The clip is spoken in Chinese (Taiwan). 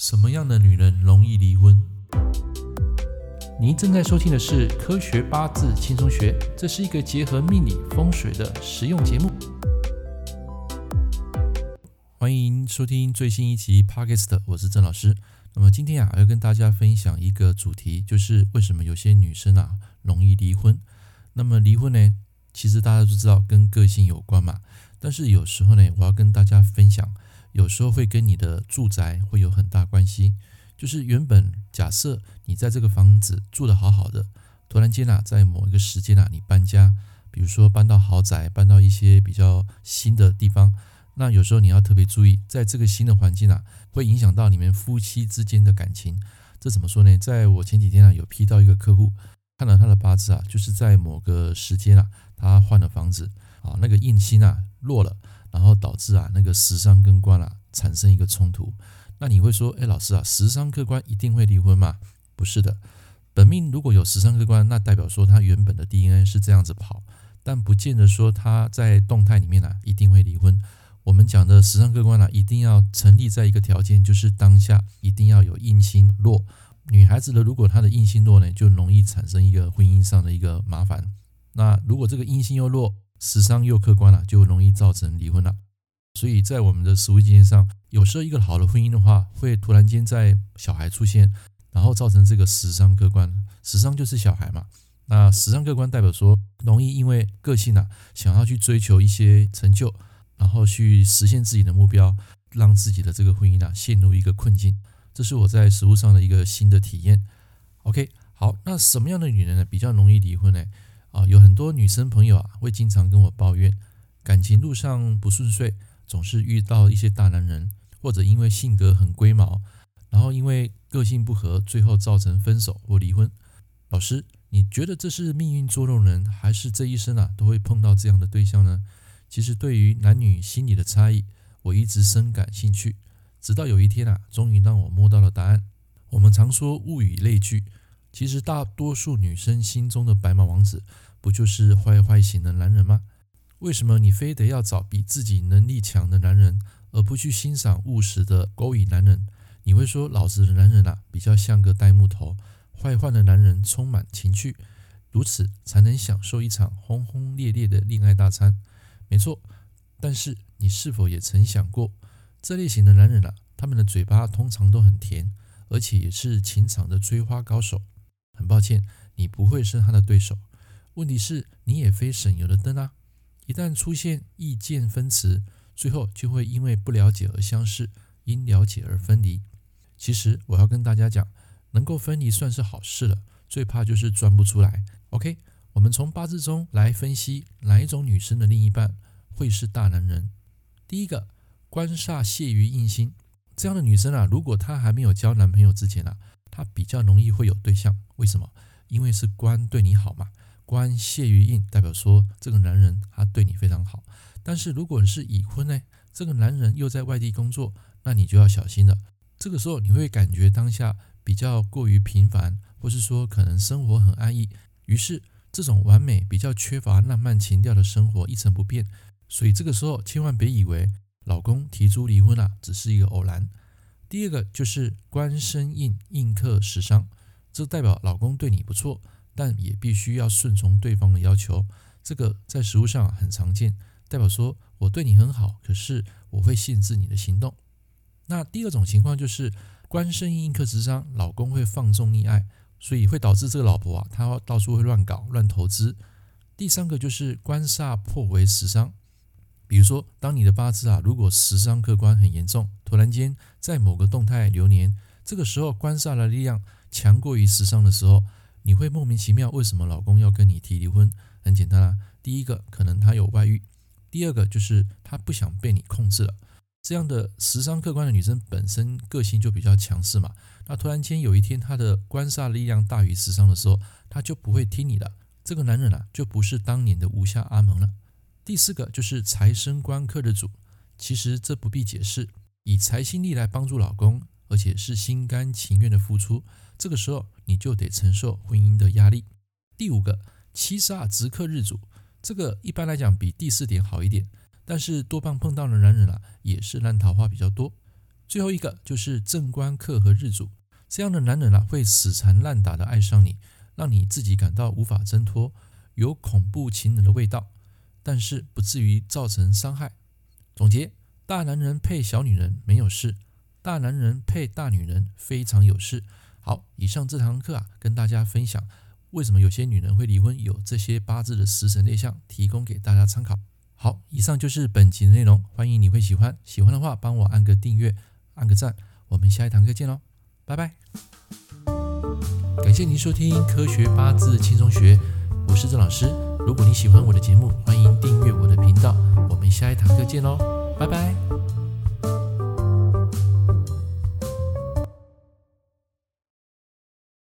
什麼樣的女人容易離婚？您正在收聽的是《科學八字輕鬆學》，這是一個結合命理風水的實用節目。歡迎收聽最新一期 Podcast，我是鄭老師。那麼今天啊，要跟大家分享一個主題，就是為什麼有些女生啊容易離婚。那麼離婚呢，其實大家都知道跟個性有關嘛。但是有時候呢，我要跟大家分享。有時候會跟你的住宅會有很大關係，就是原本假設你在這個房子住得好好的，突然間啊，在某一個時間啊，你搬家，比如說搬到豪宅，搬到一些比較新的地方，那有時候你要特別注意，在這個新的環境啊，會影響到你們夫妻之間的感情。這怎麼說呢？在我前幾天啊，有批到一個客戶，看到他的八字啊，就是在某個時間啊，他換了房子啊，那個印星啊，弱了。然後導致啊，那個食傷跟官啊產生一個衝突。那你會說，哎，老師啊，食傷剋官一定會離婚嗎？不是的，本命如果有食傷剋官，那代表說他原本的 DNA 是這樣子跑，但不見得說他在動態裡面啊一定會離婚。我們講的食傷剋官啊，一定要成立在一個條件，就是當下一定要有印星弱。女孩子的如果她的印星弱呢，就容易產生一個婚姻上的一個麻煩。那如果這個印星又弱，食傷又剋官了，就容易造成離婚了。所以在我們的實務經驗上，有時候一個好的婚姻的話，會突然間在小孩出現，然後造成這個食傷剋官。食傷就是小孩嘛。那食傷剋官代表說，容易因為個性啊，想要去追求一些成就，然後去實現自己的目標，讓自己的這個婚姻啊陷入一個困境。這是我在實務上的一個新的體驗。OK，好，那什麼樣的女人呢，比較容易離婚呢？啊，有很多女生朋友啊，會經常跟我抱怨，感情路上不順遂，總是遇到一些大男人，或者因為性格很龜毛，然後因為個性不合，最後造成分手或離婚。老師，你覺得這是命運捉弄人，還是這一生啊都會碰到這樣的對象呢？其實，對於男女心理的差異，我一直深感興趣。直到有一天啊，終於讓我摸到了答案。我們常說物以類聚。其實大多數女生心中的白馬王子，不就是壞壞型的男人嗎？為什麼你非得要找比自己能力強的男人，而不去欣賞務實的勾引男人？你會說老實的男人啊，比較像個呆木頭，壞壞的男人充滿情趣，如此才能享受一場轟轟烈烈的戀愛大餐。沒錯，但是你是否也曾想過，這類型的男人啊，他們的嘴巴通常都很甜，而且也是情場的追花高手。很抱歉，你不會是他的對手。問題是，你也非省油的燈啊！一旦出現意見分歧，最後就會因為不了解而相識，因了解而分離。其實我要跟大家講，能夠分離算是好事了，最怕就是鑽不出來。OK，我們從八字中來分析，哪一種女生的另一半會是大男人？第一個，官煞洩於印星，這樣的女生啊，如果她還沒有交男朋友之前啊。他比較容易會有對象，為什麼？因為是官對你好嘛，官洩於印代表說這個男人他對你非常好。但是如果你是已婚呢，這個男人又在外地工作，那你就要小心了。這個時候你會感覺當下比較過於平凡，或是說可能生活很安逸，於是這種完美比較缺乏浪漫情調的生活一成不變。所以這個時候千萬別以為老公提出離婚啊，只是一個偶然。第二個就是官生印印剋食傷，這代表老公對你不錯，但也必須要順從對方的要求。這個在實務上很常見，代表說我對你很好，可是我會限制你的行動。那第二種情況就是官生印印剋食傷，老公會放縱溺愛，所以會導致這個老婆啊，她到處會亂搞、亂投資。第三個就是官煞破為食傷，比如說當你的八字啊，如果食傷剋官很嚴重。突然間，在某個動態流年，這個時候官殺的力量強過於食傷的時候，你會莫名其妙為什麼老公要跟你提離婚？很簡單啊，第一個可能他有外遇，第二個就是他不想被你控制了。這樣的食傷剋官的女生本身個性就比較強勢嘛，那突然間有一天她的官殺力量大於食傷的時候，他就不會聽你的。這個男人啊，就不是當年的吳下阿蒙了。第四個就是財生官剋日主，其實這不必解釋。以財星力來幫助老公，而且是心甘情願的付出，這個時候你就得承受婚姻的壓力。第五個，七殺直剋日主，這個一般來講比第四點好一點，但是多半碰到的男人啊，也是爛桃花比較多。最後一個就是正官剋合日主，這樣的男人啊，會死纏爛打的愛上你，讓你自己感到無法掙脫，有恐怖情人的味道，但是不至於造成傷害。總結。大男人配小女人沒有事，大男人配大女人非常有事。好，以上這堂課啊，跟大家分享為什麼有些女人會離婚，有這些八字的食傷類象提供給大家參考。好，以上就是本集的內容，歡迎你會喜歡，喜歡的話幫我按個訂閱，按個讚，我們下一堂課見嘍，拜拜。感謝您收聽科學八字輕鬆學，我是鄭老師。如果你喜歡我的節目，歡迎訂閱我的頻道，我們下一堂課見嘍。拜拜。